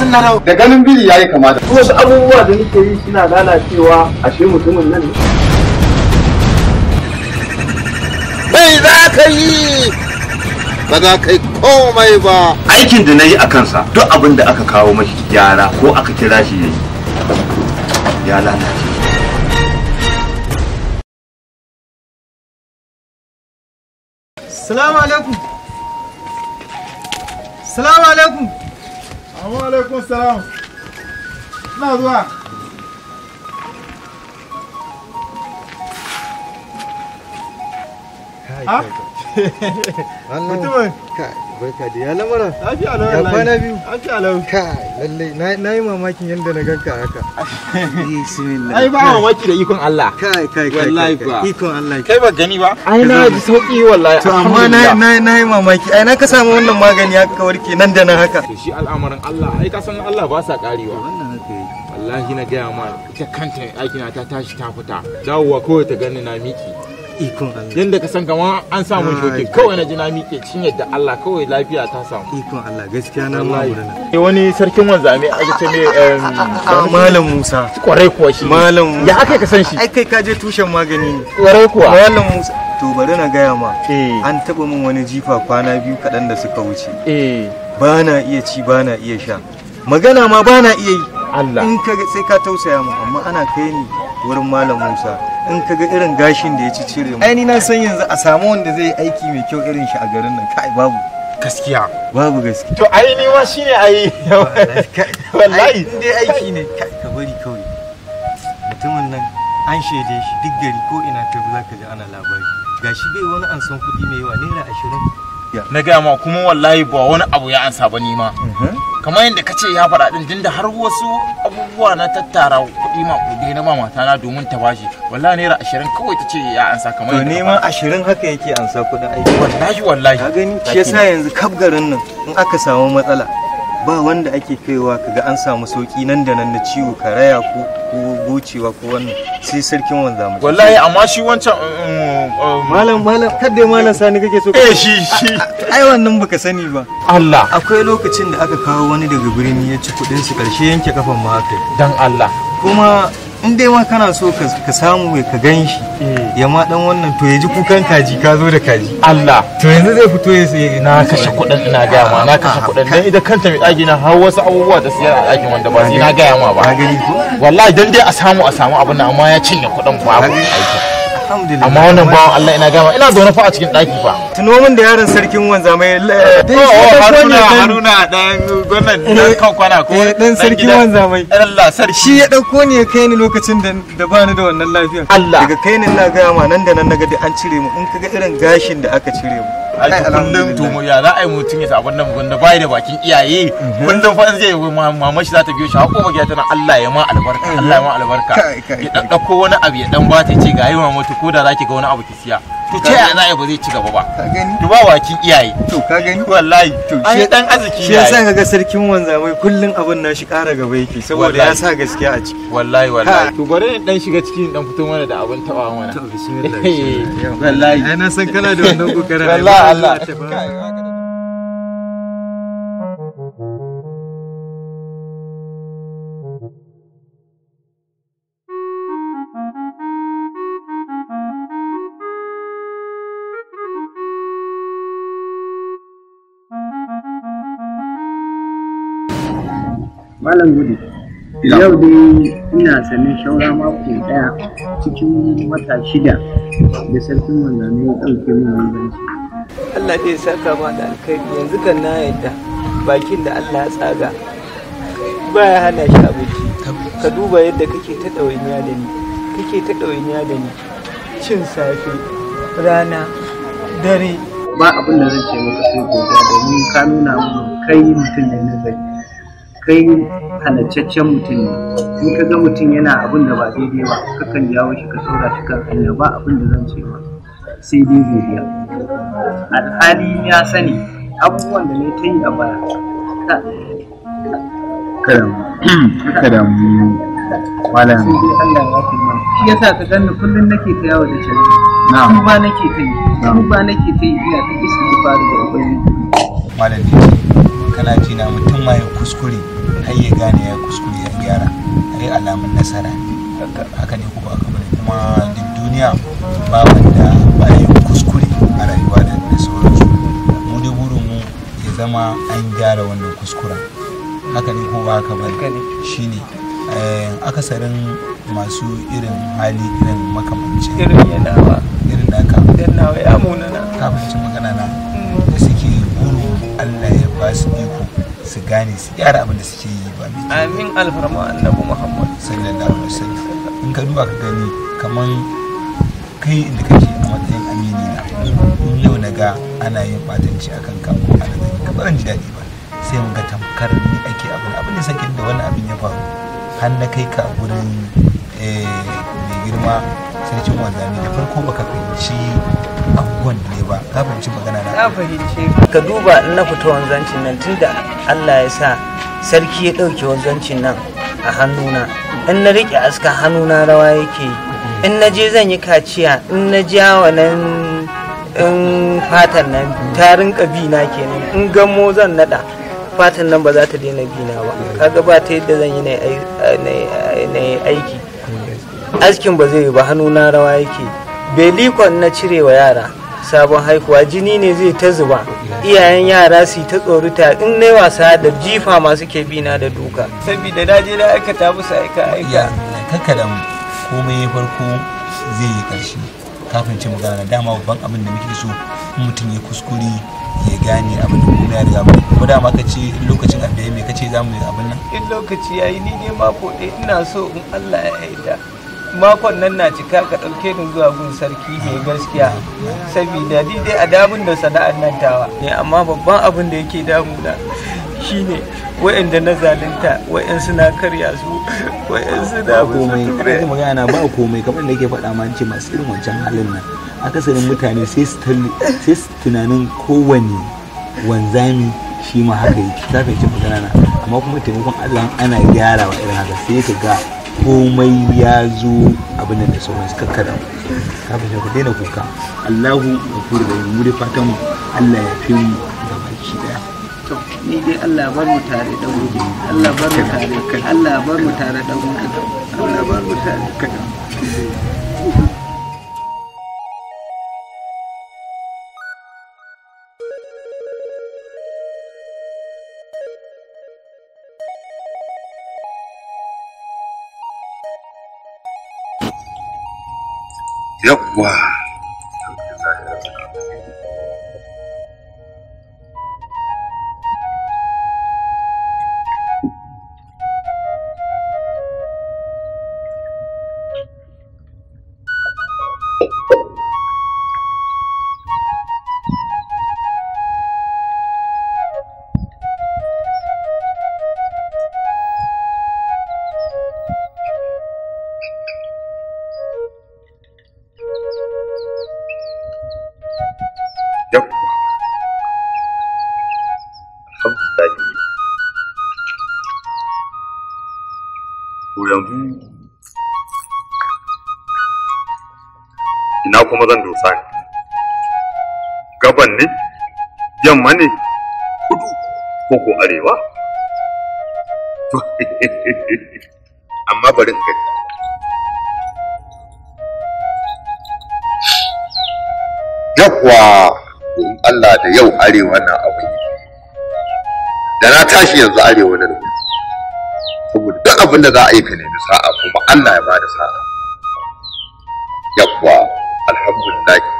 sun da ganin biri yayi kama da wasu abubuwa da nake yi suna lalacewa ashe mutumin nan bai za ka yi ba za ka yi komai ba aikin da na yi a kansa duk abin da aka kawo mashi gyara ko aka kira shi yayi ya lalace Salamu alaikum. Salamu alaikum. Vamos ali, Constelão. Não, Eduardo. Ai, ah? Muito bem. barka da ya lamura lafiya lau ya kwana biyu kai lalle na yi mamakin yadda na ganka haka bismillah ai ba mamaki da ikon Allah kai kai kai wallahi ba ikon Allah kai ba gani ba ai na ji sauki wallahi to amma na na yi mamaki ai na ka samu wannan magani haka ka warke nan da nan haka to shi al'amarin Allah ai ka san Allah ba sa karewa wannan haka yi wallahi na gaya ma ita kanta aikina ta tashi ta fita dawowa kawai ta gani na miki ikon Allah yanda ka san kama an samu ah, shoke kawai na ji mike cin yadda Allah kawai lafiya ta samu ikon Allah gaskiya na ma murna eh, wani sarkin wanzami aka ce me ah, malam Musa kwarai kuwa shi malam Musa ya aka ka san shi ai kai ka je tushen magani ne kwarai kuwa malam Musa to bari na gaya ma eh. an taba min wani jifa kwana biyu kaɗan da suka wuce eh. ba na iya ci ba na iya sha magana ma ba na iya yi Allah in ka sai ka tausaya mu amma ana kai ni wurin malam Musa in ka ga irin gashin da ya ci cire mu ai ni na san yanzu a samu wanda zai aiki mai kyau irin shi a garin nan kai babu gaskiya babu gaskiya to ai ni ma shine ai wallahi in dai aiki ne ka bari kawai mutumin nan an shaide shi duk gari ko ina ta za ka ji ana labari gashi bai wani an san kuɗi mai yawa naira ashirin na gaya ma kuma wallahi ba wani abu ya ansa ba ni ma mm-hmm. kamar yadda ka ce ya faɗa din din da har wasu abubuwa na tattara kuɗi ma kuɗi na ma mata na domin ta bashi wallahi naira ashirin kawai ta ce ya ansa kamar yadda to ma ashirin haka yake ansa kuɗin aiki wallahi wallahi ka gani shi yasa yanzu kaf garin nan in aka samu matsala ba wanda ake kaiwa kaga an samu sauki nan da nan na ciwo karaya ko gocewa ko wannan sai sarkin wanza mu wallahi amma shi wancan um, um, um, malam malam kadai malam sani kake so eh shi shi ai wannan baka sani ba Allah akwai lokacin da aka kawo wani daga birni ya ci kudin su karshe yanke kafan ma haka dan Allah kuma in dai ma kana so ka samu ka gan shi eh. ya ma dan wannan to ya ji kukan kaji ka zo da kaji Allah to yanzu zai fito ya sai na kashe kuɗin ina ga ma na kashe ah, kuɗin dan idan kanta mai ɗaki na har wasu abubuwa da siyar a ɗakin wanda ba sai na ga ma ba wallahi dan dai a samu a samu abin amma ya cinye kuɗin ba aiki amma wannan bawan Allah ina gama ina zaune fa a cikin ɗaki fa tuno da yaron sarkin wanza mai eh, oh, haruna haruna dan gwamnan dan eh, ko dan eh, sarkin wanza mai Allah sarki shi ya dauko ni ya kai ni lokacin da da bani da wannan lafiyar Allah daga kai ni na gama nan da nan naga an cire mu in kaga irin gashin da aka cire mu ai kullum to ya za a yi mutum ya sabon nan gunda bai da bakin iyaye mhm. kullum fa zai mama shi za ta biyo shi hako magiya tana Allah ya ma albarka mhm. Allah ya ma albarka ya daddako wani abu ya dan ba ta ce ga yi mama ko da zaki ga wani abu ki siya to ce a ba zai ci gaba ba ka gani duba iyaye to ka gani wallahi to shi dan arziki shi yasa kaga sarkin wanzamai kullun abin na shi ƙara gaba yake saboda ya sa gaskiya a ciki wallahi wallahi to bari dan shiga cikin dan fito mana da abin tabawa mana to bismillah wallahi ai na san kana da wannan kokarin wallahi Allah malam gudu yau dai ina sanin shaura mako daya cikin wata shida da sarkin wanzami ya ɗauke min wanzanci Allah zai saka ma da alkhairi yanzu kan na yadda bakin da Allah ya tsaga ba ya hana shi abinci ka duba yadda kake ta ɗawainiya da ni kake ta ɗawainiya da ni cin safe rana dare ba abin da zan ce maka sai godiya domin ka nuna mun kai mutum da zai kai halacaccen mutum ne in ka ga mutum yana abin da ba daidai ba kakan jawo shi ka saura shi kan hanya ba abin da zan ce ba sai dai godiya alhali ya sani abubuwan da ne ta yi a baya kada mu malam sai dai Allah ya kuma shi yasa ka ganni kullum nake ta yawo da canji na'am ba nake ta yi ba nake ta yi ina ta isa da faru da ubangiji malam kana ji na mutum ma ya kuskure har ya gane ya kuskure ya gyara ai alamun nasara ne haka ne kuma ka bari kuma duk duniya ba wanda ba ya kuskure a rayuwa da da sauransu mu da burin mu ya zama an gyara wannan kuskura haka ne ko ba bari shi shine eh, akasarin masu irin hali irin makamancin irin yana ba irin naka irin nawa ya munana kafin magana na mm. da suke ba su iko su gane su gyara abin da suke yi ba mai amin alfarma annabi muhammad sallallahu alaihi wasallam in ka duba ka gani kamar kai inda kake a matsayin amini na in yau na ga ana yin batanci akan ka ko ana zai ka baran ji daɗi ba sai mun ga tamkar ni ake abin abin da sakin da wani abin ya faru har na kai ka gurin eh, mai girma wanda ne da farko baka fahimci abubuwan da ne ba ka fahimci magana na ka duba in na fita wanzancin nan tunda Allah ya sa sarki ya ɗauke wanzancin nan a hannuna in na riƙe aska hannuna rawa yake in na je zan yi kaciya in na ja wannan in fatan nan tarin kabina kenan in gamo zan nada fatan nan ba za ta daina bina ba kaga ba ta yadda zan yi na aiki askin ba zai yi ba hannu na rawa yake belikon na cire wa yara sabon haikuwa jini ne zai ta zuba iyayen yara su yi ta tsorita in ne wasa da jifa masu ke bina da duka saboda na je na aikata musu aika aika kakka da komai farko zai yi karshe kafin ce magana dama babban abin da muke so mutum ya kuskure ya gane abin da kuma ya riga ko da ma ce lokacin ya mai kace zamu yi abin nan in lokaci ya yi ni ne mako ɗaya ina so in Allah ya da. makon nan na cika ka ɗauke ni zuwa gun sarki mai gaskiya saboda ni dai a damun da sana'ar nan tawa ne amma babban abin da yake damuna shine wa'anda na zalunta wa'an suna karya su wa'an suna komai kai magana ba komai kamar da yake faɗa ma ce masu irin wancan halin nan akasarin mutane sai su tunanin kowane wanzami shi ma haka yake ta ka yi magana amma kuma taimakon Allah ana gyara wa irin haka sai ka ga komai ya zo abin da sauran suka kada kafin ku daina kuka Allahu gafur da mu muri fatan Allah ya fi mu da baki daya ni dai Allah bar mu tare da wuri Allah bar mu tare Allah bar mu tare da wuri Allah bar mu tare Yawwa. yamma ne kudu ko ko arewa amma bari ka yawwa in Allah da yau arewa na abu da na tashi yanzu arewa na rubutu saboda duk abin da za a yi ka nemi sa'a kuma Allah ya bada sa'a yawwa alhamdulillah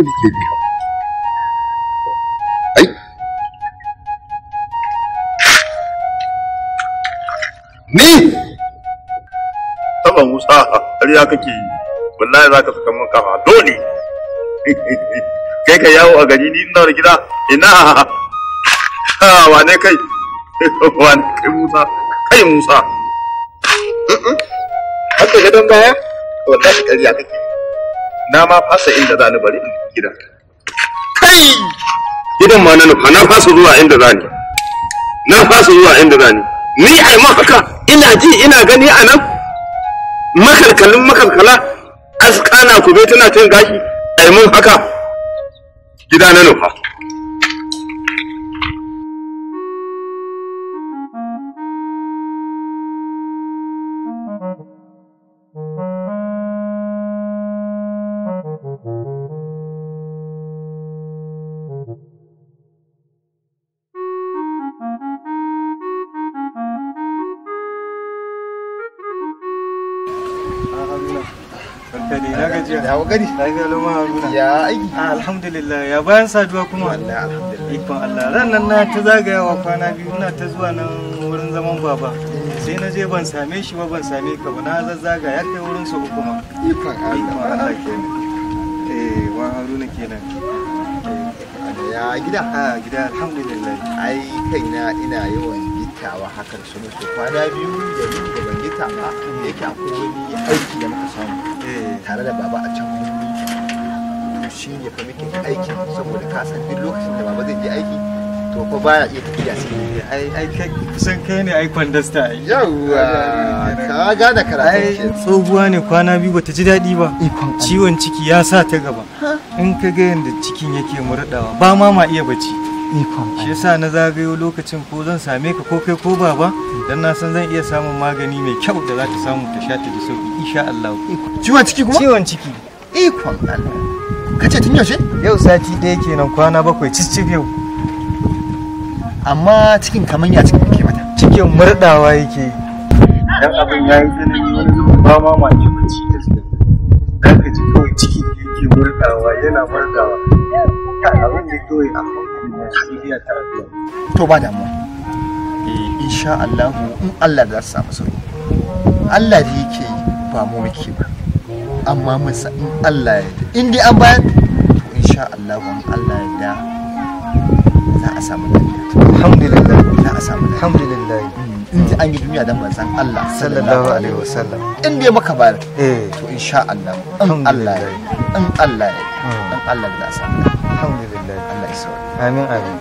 ne ni taba musa ƙarya kake yi wallahi za ka saka min kafa dole kai ka yawo a gari ni ina da gida ina wane kai wane kai musa kai musa haka gadon baya wallahi ƙarya kake na ma fasa inda za ni bari in gidan kai gidan ma na nufa na fasa zuwa inda za ni, na fasa zuwa inda za ni ai ma haka ina ji ina gani a nan makalkalin makalkala ku kube tana cin gashi a mun haka gida na nufa kokari lafiya loma haruna ya ai ah, alhamdulillah ya bayan saduwa kuma wallahi alhamdulillah ikon Allah ranan na ta zagayawa kwana biyu na ta zuwa nan wurin zaman baba sai na je ban same shi ba ban same ka ba na zazzaga ya kai wurin su kuma. ikon Allah kenan eh wa haruna kenan ya gida a ah, gida alhamdulillah ai kaina ina yawan gittawa hakan su mutu kwana biyu da ban gita ba yake akwai wani aiki da muka samu eh. tare da baba a can shi ne fa muke aiki saboda ka san duk lokacin da baba zai je aiki to fa baya iya tafiya sai ai ai kusan kai ne ai kwandasta ai yawa ka gane karatu tsohuwa ne kwana biyu bata ji daɗi ba ciwon ciki ya sa ta gaba in ka ga yanda cikin yake murɗawa ba ma ma iya bacci shi yasa na zagayo lokacin ko zan same ka ko kai ko baba don na san zan iya samun magani mai kyau da za ta samu ta sha ta ji sauki insha Allah ciwon ciki kuma ciwon ciki ikon Allah kace tun yaushe yau sati ɗaya kenan kwana bakwai cicci yau amma cikin kaman ya cikin ke mata cikin murɗawa yake dan abin yayi tsanani wani zubin ba ma ma bacci da shi dan ka ji kawai cikin yake murɗawa yana murɗawa abin da kawai a hankali ta rafiya to ba damuwa eh insha Allah in Allah da za su samu sauki Allah da yake yi ba mu muke ba amma masa in Allah ya da in dai an bayar to insha Allah in Allah ya da za a samu lafiya alhamdulillah za a samu alhamdulillah mm. in dai an yi duniya dan manzon Allah sallallahu alaihi wasallam in dai maka bayar eh. to insha Allah in Allah ya in Allah ya mm. in Allah za a samu alhamdulillah Allah ya sauya amin amin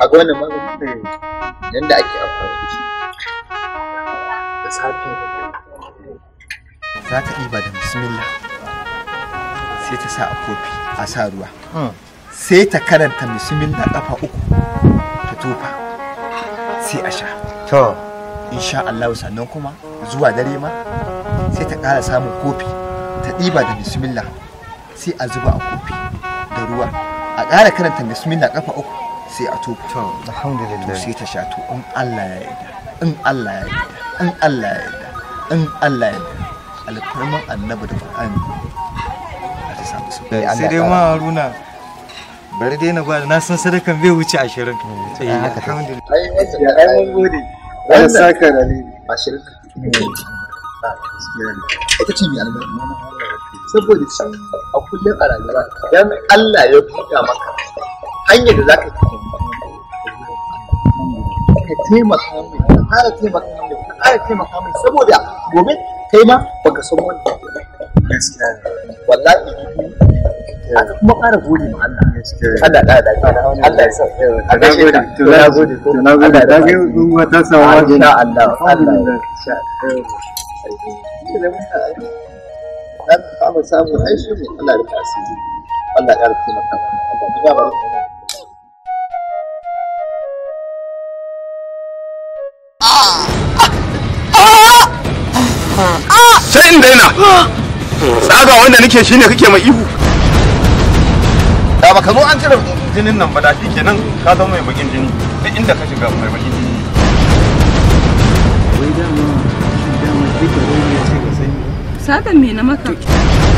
Agora, mano, da ake amfani da shi da safe za ta ɗiba da bismillah sai ta sa a kofi a sa ruwa hmm. sai ta karanta bismillah kafa uku ta tofa sai a sha to insha Allah sannan kuma zuwa dare ma sai ta ƙara samun kofi ta ɗiba da bismillah sai a zuba a kofi da ruwa a ƙara karanta bismillah kafa uku sai a to to alhamdulillah sai ta sha to in Allah ya yarda in Allah ya yarda in Allah ya yarda in Allah ya yarda alƙurman annabi da Qur'ani a ta samu eh, sai dai ma Haruna bari dai na gwada na san sadakan bai wuce 20 sai eh, alhamdulillah ai mun gode wani saka da 20 eh. ita ce mai albarka saboda a kullum a rayuwa dan Allah ya buɗa maka hanyar da zaka ka taimaka min ka ƙara taimaka min ka ƙara taimaka min saboda gobe kai ma baka san wanda gaskiya wallahi aka kuma ƙara gode ma Allah Allah da da Allah ya sa Allah ya sa to na gode to na gode da ga mun wata sawa insha Allah Allah insha Allah dan samu samu aishi mu Allah ya kasance Allah ya ƙara taimaka mana Allah ya ba mu sai in daina tsaga wanda nake shine kake mai ihu da ka zo an cire jinin nan ba da shi kenan ka zama mai bakin jini duk inda ka shiga mai bakin jini wai da ya ce ka sani me na maka